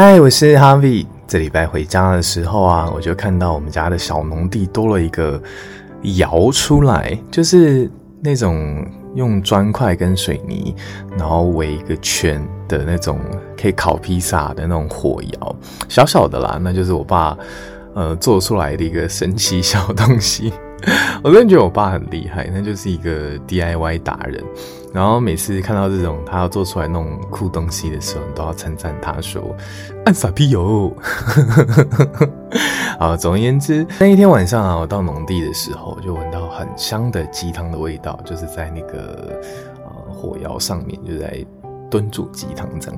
嗨，Hi, 我是 Harvie。這禮拜回家的時候啊，我就看到我們家的小農地多了一個窑出來，就是那種用磚塊跟水泥，然後圍一個圈的那種可以烤披薩的那種火窑，小小的啦，那就是我爸呃做出來的一個神奇小東西。 我真的覺得我爸很厲害，那就是一個 DIY 達人。然後每次看到這種他要做出來那種酷東西的時候，你都要稱讚他，說：“按傻逼喲。”啊，總而言之，那一天晚上啊，我到農地的時候，我就聞到很香的雞湯的味道，就是在那個、呃、火窯上面就在燉煮雞湯這樣，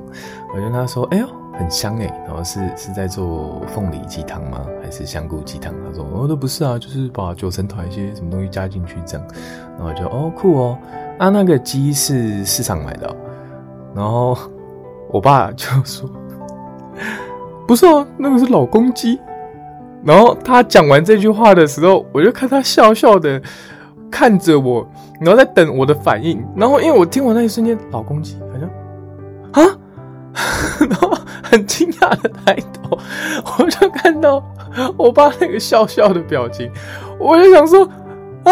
我跟他說：“哎喲很香哎、欸，然後是是在做鳳梨雞湯嗎？還是香菇雞湯？他說：“我、哦、都不是啊，就是把九層塔一些什麼東西加進去這樣。”然後就：“哦，酷哦。”啊，那個雞是市場買的、哦。然後我爸就說：“不是哦、啊，那個是老公雞。”然後他講完這句話的時候，我就看他笑笑的看着我，然後在等我的反應。然後因為我聽完那一瞬間，老公雞好像啊， 然後。很驚訝的抬頭，我就看到我爸那個笑笑的表情，我就想說啊，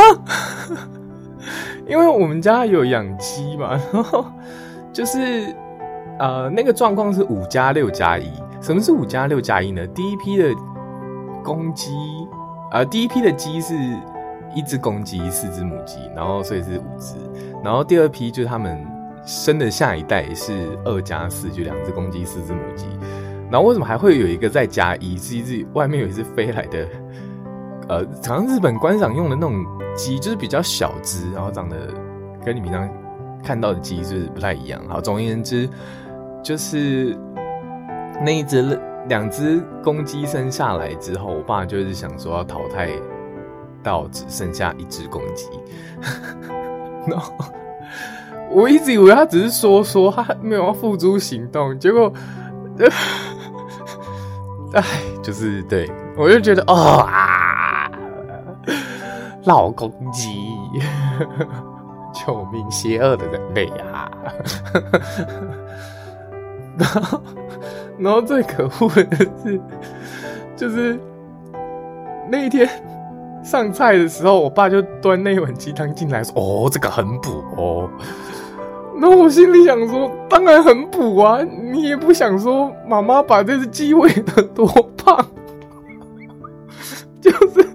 因為我們家有養雞嘛，然後就是呃那個狀況是五加六加一，什麼是五加六加一呢？第一批的公雞，呃第一批的雞是一隻公雞，四隻母雞，然後所以是五隻，然後第二批就是他們。生的下一代是二加四，4, 就兩隻公雞，四只母雞。然後為什麼還會有一個再加一四？是一只外面有一隻飛來的？呃，好像日本觀賞用的那種雞，就是比較小只，然後長得跟你平常看到的雞就是,是不太一樣。好，總而言之，就是那一只兩隻公雞生下來之後，我爸就是想說要淘汰到只剩下一只公雞。 No。我一直以為他只是說說，他沒有要付諸行動。結果，唉，就是對，我就覺得哦啊，老公雞，救命！邪惡的人類啊。然後，然後最可惡的是，就是那一天上菜的時候，我爸就端那一碗雞湯進來，說：“哦，這個很補哦。”那我心裡想說，當然很補啊！你也不想說，媽媽把這隻雞餵得多胖， 就是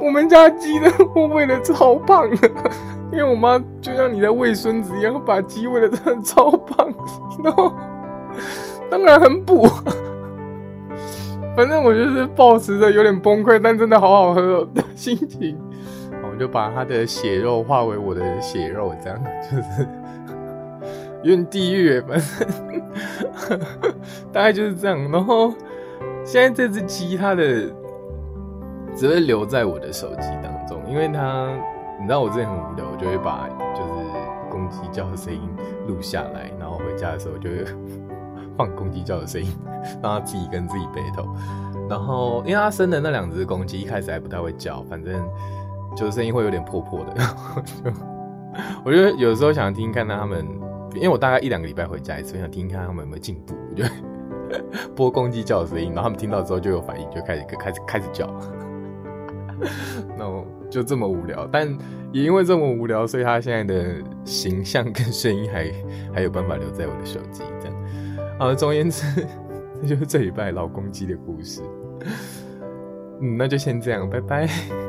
我們家雞呢，我餵的超胖的， 因為我媽就像你在餵孫子一樣，把雞餵的真的超胖， 然後當然很補。 反正我就是抱持著有點崩潰，但真的好好喝的心情，好，我就把它的血肉化為我的血肉，這樣就是。有點地獄，反正大概就是這樣。然後現在這隻雞，它的只會留在我的手機當中，因為它，你知道我最近很無聊，我就會把就是公雞叫的聲音錄下來，然後回家的時候就會放公雞叫的聲音，讓它自己跟自己 battle。然後，因為它生的那兩隻公雞一開始還不太會叫，反正就是聲音會有點破破的。然後就我覺得有時候想聽看它們。因為我大概一兩個禮拜回家一次，所以想聽看他們有沒有進步，我就播公雞叫的聲音，然後他們聽到之後就有反應，就開始開始開始叫。那 我就這麼無聊，但也因為這麼無聊，所以他現在的形象跟聲音還還有辦法留在我的手機。這樣，好了，總言之，這就是這禮拜老公雞的故事。嗯，那就先這樣，拜拜。